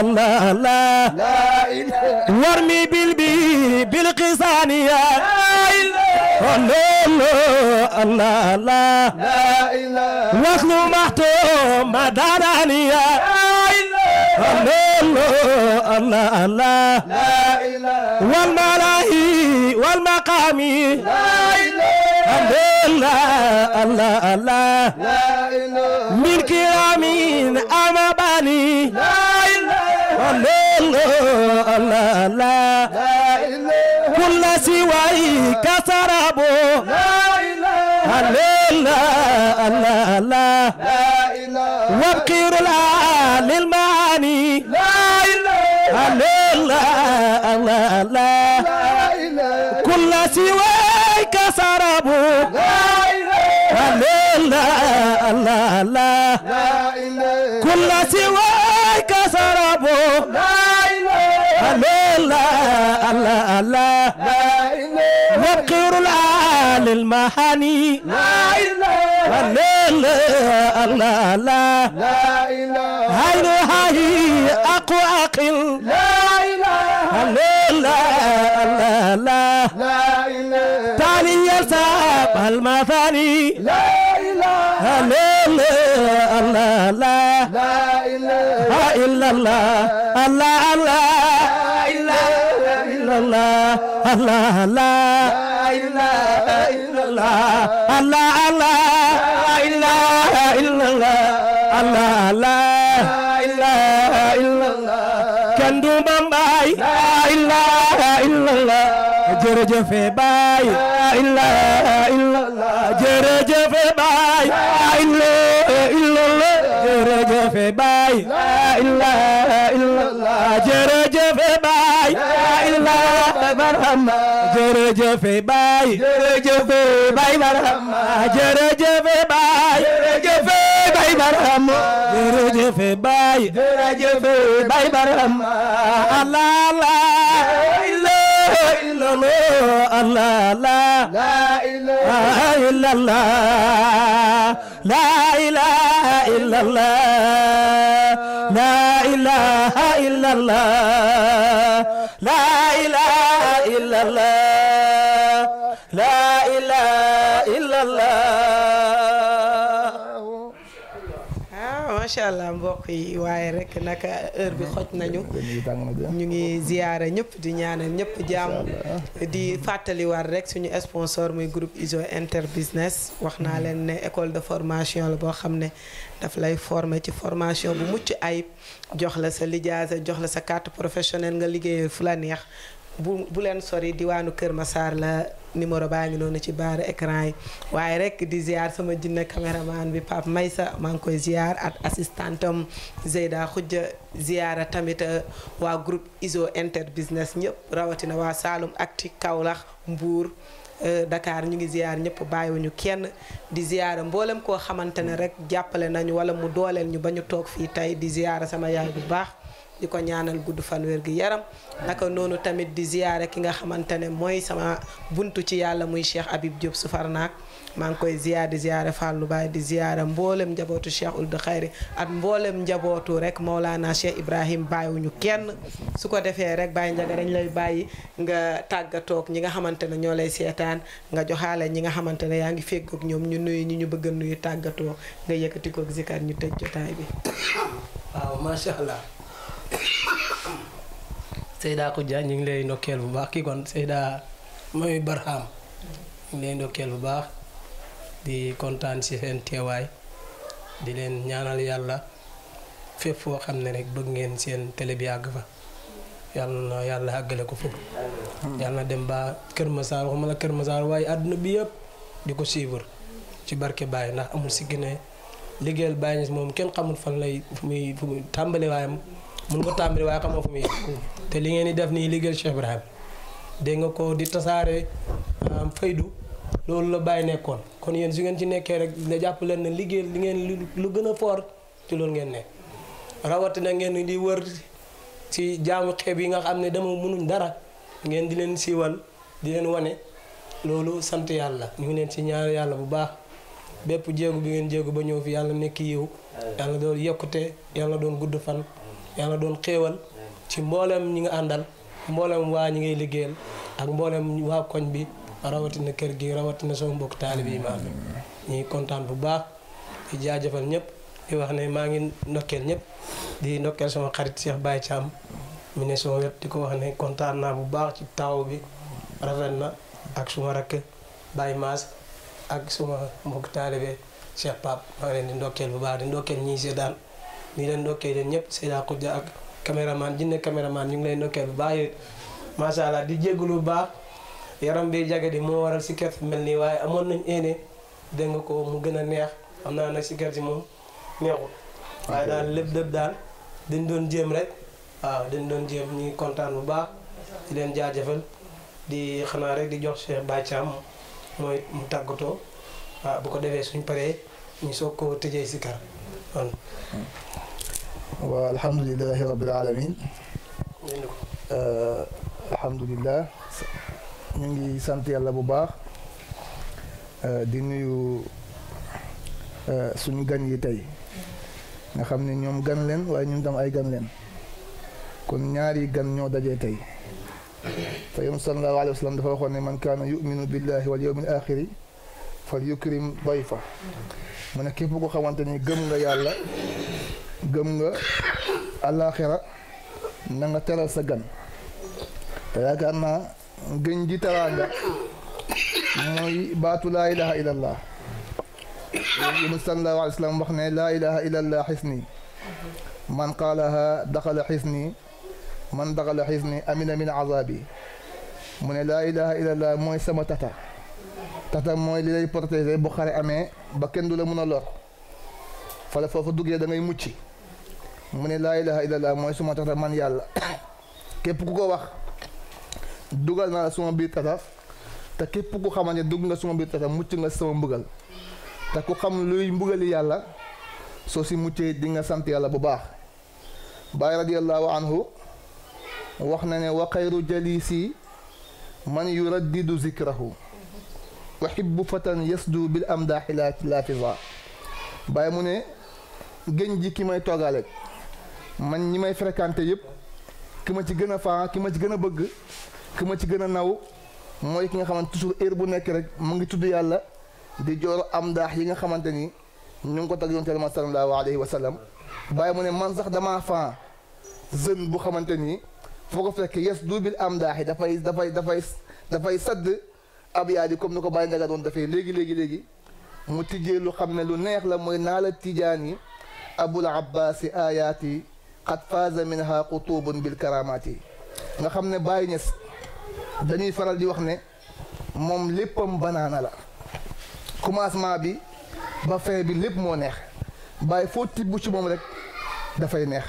الله الله الله لا الله الله وارمي الله بالقصانية الله الله الله لا لا إله واخلو محتوم مدارانية الله الله الله الله لا إله والملاهي والمقامي لا إله الله الله لا إله من كرامين أما بني لا إله الله الله بك سراب لا إله إلا الله وابقي الله أهل لا إله لا لا لا لا لا إله هاي هاي أقوى أقل لا إله لا لا لا لا لا إله تالي المثاني لا إله لا لا لا لا لا إله إلا الله الله الله إلا الله الله الله إله إلا الله الله الله لا إله إلا الله الله لا إله إلا الله كندو مامباي لا إله إلا الله جرجف باي لا إله إلا الله جرجف باي لا إله إلا الله جرجف باي لا إله jërëjëfe baay jërëjëfe baay barahama jërëjëfe baay jërëjëfe baay barahama jërëjëfe baay jërëjëfe baay barahama allah la ilaha illallah la ilaha illallah la ilaha illallah macha allah mbokk yi waaye rek naka heure bi xoj nañu ñu ngi ziyaara ñëpp di ñaanal ñëpp jàmm di fàttaliwaat rek suñu sponsor muy groupe ISO interbusiness wax naa leen ne école de formation la boo xam ne daf lay forme ci formation bu mucc ayib jox la sa lijaasa jox la sa carte professionnelle nga liggéeyee fu la neex bu bu leen sori diwaanu Kër Massar la numéro baa ngi noonu ci baaru écran yi waaye rek di ziar sama jinne caméraman bi may Maysa maa ngi koy ziar ak assistantam Zeyda Khoudia ziara tamit euh, waa groupe ISO inter business ñëpp rawatina waa Saalum Actu Kaolack Mbour euh, Dakar ñu ngi ziar ñëpp bàyyiwuñu kenn di ziara mboolem koo xamante ne rek jàppale nañu wala mu dooleel ñu ba ñu toog fii tey di ziara sama yaay bu baax. diko ko ñaanal gudd fan wér gi yaram naka noonu tamit di ziyaare ki nga xamante ne mooy sama buntu ci yàlla muy Cheikh Habib Diop Soufarnac maa ngi koy ziyaar di ziyaare Fallou Baye di ziyaare mboolem njabootu Cheikh Ould Khayri at mboolem njabootu rek Maulana Cheikh Ibrahim bàyyiwuñu kenn su ko defee rek Baye njaga dañ lay bàyyi nga tàggatoog ñi nga xamante ne ñoo lay seetaan nga joxaale ñi nga xamante ne yaa ngi féggoog ñoom ñu nuyu ñi ñu bëgg a nuyu tàggatoo nga yëkkati zikkat ñu tëj jotaay bi. [COUGHS] waaw macha allah. Seyda Koudia ñu ngi lay ndokkeel bu baax kii kon seydaa mayu Barham ñu ngi lay ndokkeel bu baax di kontaan si seen teewaay di leen ñaanal yàlla fépp foo xam ne rek bëgg ngeen seen télé bi àgg fa yàlla na yàlla àggale ko foofu. dem ba Kër Masar waxuma la Kër Masar waaye àdduna bi yëpp di ko suivre ci barke Baye ndax amul si gën a liggéeyal Baye moom kenn xamul fan lay fu muy fu muy tàmbali waayam mun ko tàmbali waaye xamoo fu mu yem te li ngeen di def nii liggéey Cheikh Ibrahima dégg nga ko di tasaare faydu loolu la bàyyi nekkoon kon yéen su ngeen ci nekkee rek nga jàpp leen ne liggéey li ngeen lu gën a fort ci loolu ngeen ne rawatina ngeen di wër ci jaamu xeeb yi nga xam ne dama mënuñ dara ngeen di leen siiwal di leen wane loolu sant yàlla ñu ngi leen ci ñaar yàlla bu baax bépp jéegu bi ngeen jéegu ba ñëw fi yàlla nekk yiw yàlla doon yokkute yàlla doon gudd fan yàlla doon xéewal ci mboolem ñi nga àndal mboolem waa ñi ngay liggéeyal ak mboolem waa koñ bi rawatina kër gi rawatina sama mbokk taalib yi maa ngi kontaan bu baax di jaajëfal ñëpp wax ne maa ngi ndokkeel ñëpp di ndokkeel sama xarit Cheikh Baye Thiam mu ne sama wet di ko wax ne kontaan naa bu baax ci taaw bi rafet na ak suma rakk Baye Maas ak suma mbokk taalibe Cheikh Pape maa ngi leen di ndokkeel bu baax di ndokkeel ñii seetaan ñu ngi leen ndokkee leen ñëpp Seyda Khoudia ak caméraman jinne caméraman ñu ngi lay ndokkee bu baax yéen macha allah di jégalu bu baax yaram bi jagadi moo waral si kër mel nii waaye amoon nañ éene dégg nga ko mu gën a neex xam naa nag si kër si moom neexul. waaye daal lépp lépp daal dañ doon jéem rek waaw dañ doon jéem ñu ngi kontaan bu baax di leen jaajëfal di xanaa rek di jox Cheikh Baye mooy mu tàggatoo waaw bu ko defee suñ paree ñu soo ko tëjee si kër والحمد لله رب العالمين آه، الحمد لله نيجي سنتي الله بباخ دينيو دي نيو آه سنو غن يتاي غن لين واي نيوم دم اي غن لين كون نياري غن نيو داجي تاي فيوم صلى الله عليه وسلم دفع خواني من كان يؤمن بالله واليوم الآخر فليكرم ضيفه من كيف بقو خوانتني غم غيالا gëm nga àllaaxira na nga teral sa gan te yaakaar naa gën ji teraanga mooy baatu laa ilaha illallah yéen sallallahu alayhi wa sallam wax ne laa ilaha illallah xisni man qaalaha daxala xisni man daxala xisni amina min azabi mu ne laa ilaha illallah mooy sama tata tata mooy li lay protéger bu xare amee ba kenn du la mun a lor fala foofu duggee da ngay mucc mu ne laa ilaha illallah mooy suma tata man yàlla [COUGHS] képp ku ko wax dugal naa la suma biir tata te képp ku xamal xamante dugg nga suma biir tata mucc nga sama mbugal te ku xam luy mbugali yàlla soo si muccee dinga sant yàlla bu baax baay radiallahu anhu wax na ne wa xayru jalisi man yuraddidu zikrahu uhibbu fatan yasdu bil amdaaxi laa laafiza bàyyi mu ne gën ji may toogaaleeg man ñi may fréquenté yëpp ki ma ci gën a faa ki ma ci gën a bëgg ki ma ci gën a naw mooy ki nga xamante toujours heure bu nekk rek mu ngi tudd yàlla di jooro am daax yi nga xamante ni ñu ngi ko tag yonte ma sallallahu alayhi wa sallam bàyyi mu ne man sax damaa faa jeune bu xamante ni foo ko fekk yes duubil am daax yi dafay dafay dafay dafay sadd ab yaa di comme ni ko bàyyi ndaga doon dafee léegi léegi léegi mu tijjee lu xam ne lu neex la mooy naa la tijaan yi abul abbaasi ayaati xat faaza minha qutubun bil karamaati nga xam ne Baye Niass dañuy faral di wax ne moom léppam banaana la commencement bi ba fin bi lépp moo neex bàyyi foo tibb ci moom rek dafay neex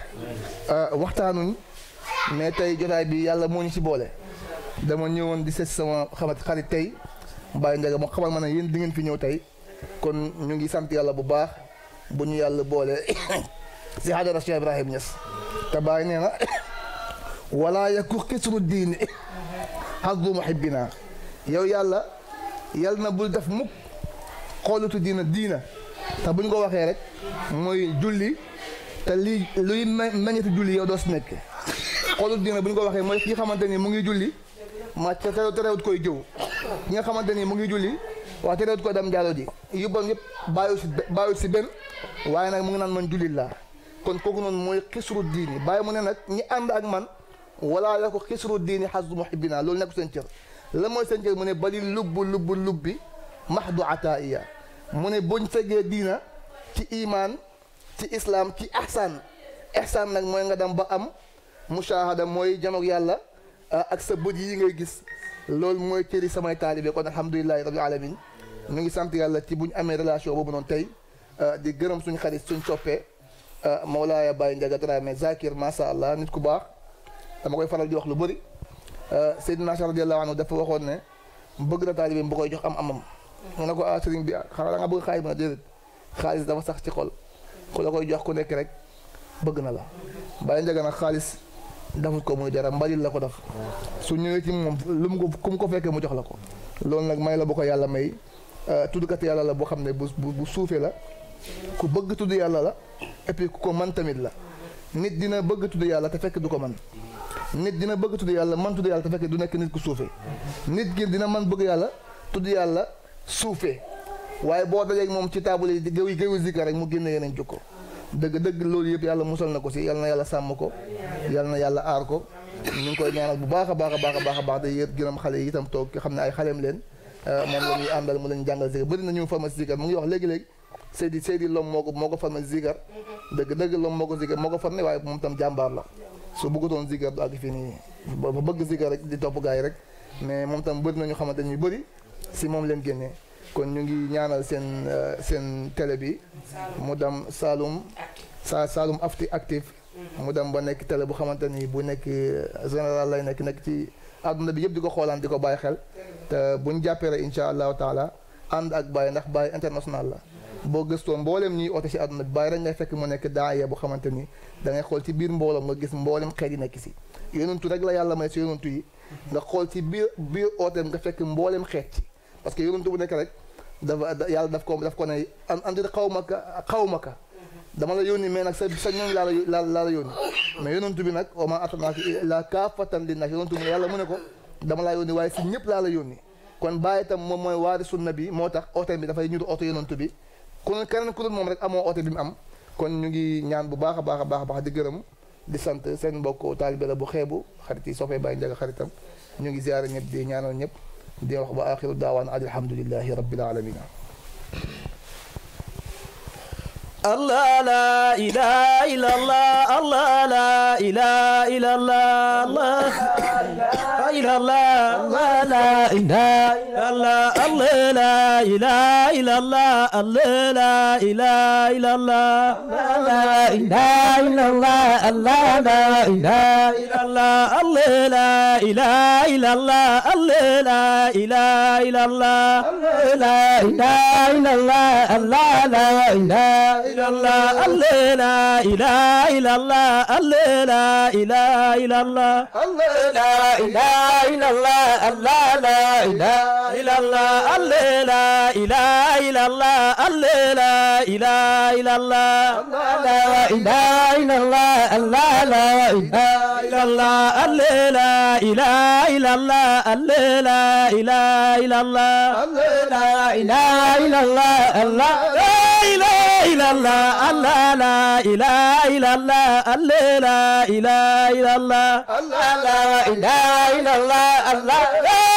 euh, waxtaanuñ mais tey jotaay bi yàlla moo ñu ci boole dama ñëwoon di seet sama xamat xarit tey Baye Ndiaga moo xamal ma ne yéen di ngeen fi ñëw tey kon ñu ngi sant yàlla bu baax bu ñu yàlla boole [COUGHS] si xaajara Cheikh Ibrahim Niass te Baay nee na [COUGHS] wala yaku xisru diini xaddu [COUGHS] muhibbina yow yàlla yal na bu def mukk xoolutu diina diina te buñ ko waxee rek mooy julli te lii luy meññetu julli yow doo si nekk xoolutu diina buñ ko waxee mooy ki xamante ni mu ngi julli ma te terewut koy jëw ki nga xamante ni mu ngi julli wax terewut koy dem jaalo ji yu bon yëpp bàyyiwut si si benn waaye nag mu ngi naan man jullit kon kooku noonu mooy xisru diini bàyyi mu ne nag ñi ànd ak man wala la ko xisru diini xasdu muhibbina loolu nekk seen cër lan mooy seen cër mu ne bali lubbu lubbu lubbi du ataaya mu ne buñ fegee diina ci iimaan ci islaam ci ihsaan ihsaan nag mooy nga dem ba am mushahada mooy janoog yàlla ah, ak sa bët yi ngay gis loolu mooy cëri samay taalibe kon alhamdulilahi rabbil alamin ñu ngi sant yàlla ci bu ñu amee relation boobu noonu tey ah, di gërëm suñu xarit suñ soppee Euh, Mawlaaya Baye Ndiaga Dramé Zakir macha allah nit ku baax dama koy faral di wax lu bëri euh, Seydina Cheikh radiyallahu anhu dafa waxoon ne mu bëgg na taalibe bu koy jox am amam. mu ne ko ah bi ah, xanaa da nga xaalis ma sax ci xol ku koy jox ku nekk rek bëgg na la Baye Ndiaga nag xaalis dafut ko muy dara mbalil la ko def su ñëwee ci moom lu mu ko ku mu ko fekkee mu jox la ko. loolu nag may la bu ko yàlla may euh, tuddkat yàlla la boo xam ne bu bu suufee la. ku bëgg tudd yàlla la et ku ko man tamit la nit dina bëgg tudd yàlla te fekk du ko man nit dina bëgg tudd yàlla man tudd yàlla te fekk du nekk nit ku suufee nit gi dina man bëgg yàlla tudd yàlla suufee waaye boo dajeeg moom ci taabal yi géewi géewi zikra rek mu génne yeneen jukko dëgg dëgg loolu yëpp yàlla musal na ko si yàlla na yàlla sàmm ko yàlla na yàlla aar ko ñu ngi koy ñaanal bu baax a baax a baax a baax a baax day xale yi itam toog xam ne ay xaleem leen euh, moom la ñuy àndal mu leen jàngal zikra bëri na wax léegi-léegi Seydi Seydi Lom moo ko moo ko formé Zigar dëgg dëgg Lom moo ko Zigar moo ko formé waaye moom tam jàmbaar la su bëggutoon Zigar du àgg fii nii ba bëgg Zigar rek di topp gars rek mais moom tam bëri nañu xamante ñu bëri si moom leen génne kon ñu ngi ñaanal seen euh, seen télé bi mu dem Saloum sa Saloum afti active mu dem ba nekk télé bu xamante ni bu nekk euh, général lay nekk nekk ci àdduna bi yëpp di ko xoolaan di ko bàyyi xel te bu ñu jàppee rek incha allahu ànd ak Baye ndax Baye international la boo gëstoo mboolem ñuy oote si àdduna bi bàyyi rek ngay fekk mu nekk daaya bu xamante ni da ngay xool ci biir mbooloom nga gis mboolem xeet yi nekk si yonentu rek la yàlla may si yonentu yi nga xool ci biir biir ooteem nga fekk mboolem xeet ci parce que yonentu bu nekk rek dafa yàlla daf ko daf ko ne andir xaw ma ka xaw ma ka dama la yónni mais nag sa sa ñoom laa la laa la yónni mais yonentu bi nag oma atanaak la kaafatan li nag yonentu mu ne yàlla mu ne ko dama laa yónni waaye si ñëpp laa la yónni kon bàyyi itam moom mooy waari sunna bi moo tax ooteem bi dafay ñuru ooto yonentu bi kon ne keneen ku dul moom rek amoo oote bi mu am kon ñu ngi ñaan bu baax a baax a baax a baax di gërëm di sant seen utaal taalibe la bu xeebu xarit yi soppee bàyyi njaga xaritam ñu ngi ziare ñëpp di ñaanal ñëpp di wax ba axiru daawaan alhamdulilahi rabbil alamina الله لا إله إلا الله الله لا إله إلا الله الله لا إله الله الله لا إله إلا الله الله لا إله إلا الله الله لا إله إلا الله لا إله إلا الله الله لا إله إلا الله الله لا إله إلا الله الله لا إله إلا الله لا إله إلا الله الله لا إله illallah Allah la ilaha illallah Allah la ilaha illallah Allah la ilaha illallah Allah la ilaha illallah Allah la ilaha illallah Allah la ilaha illallah Allah la ilaha illallah Allah la ilaha illallah Allah la ilaha illallah Allah la ilaha illallah Allah la ilaha illallah Allah la ilaha illallah Allah la ilaha illallah Allah la ilaha illallah Allah la ilaha illallah Allah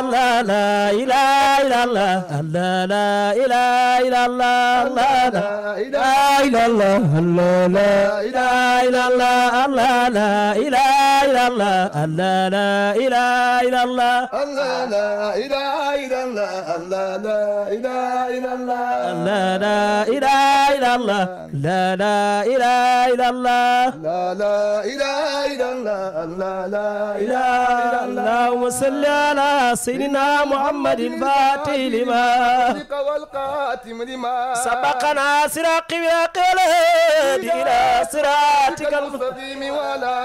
الله لا إله إلا الله لا لا إله إلا الله لا لا إله إلا الله لا لا إله إلا الله لا لا إله إلا الله لا لا إله إلا الله أن لا لا إله إلا الله أن لا لا إله إلا الله أن لا لا إله إلا الله لا لا إله إلا الله لا لا إله إلا الله لا لا إله إلا الله اللهم صل على سيدنا محمد الفاتح لما والقاتم لما سبقنا سراق يا قلبي إلى صراطك المستقيم ولا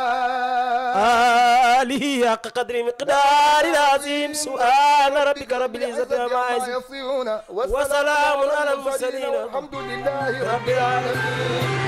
سؤالي حق قدري مقدار العظيم سؤال ربك رب العزة ما يصفون وسلام على المرسلين الحمد لله رب العالمين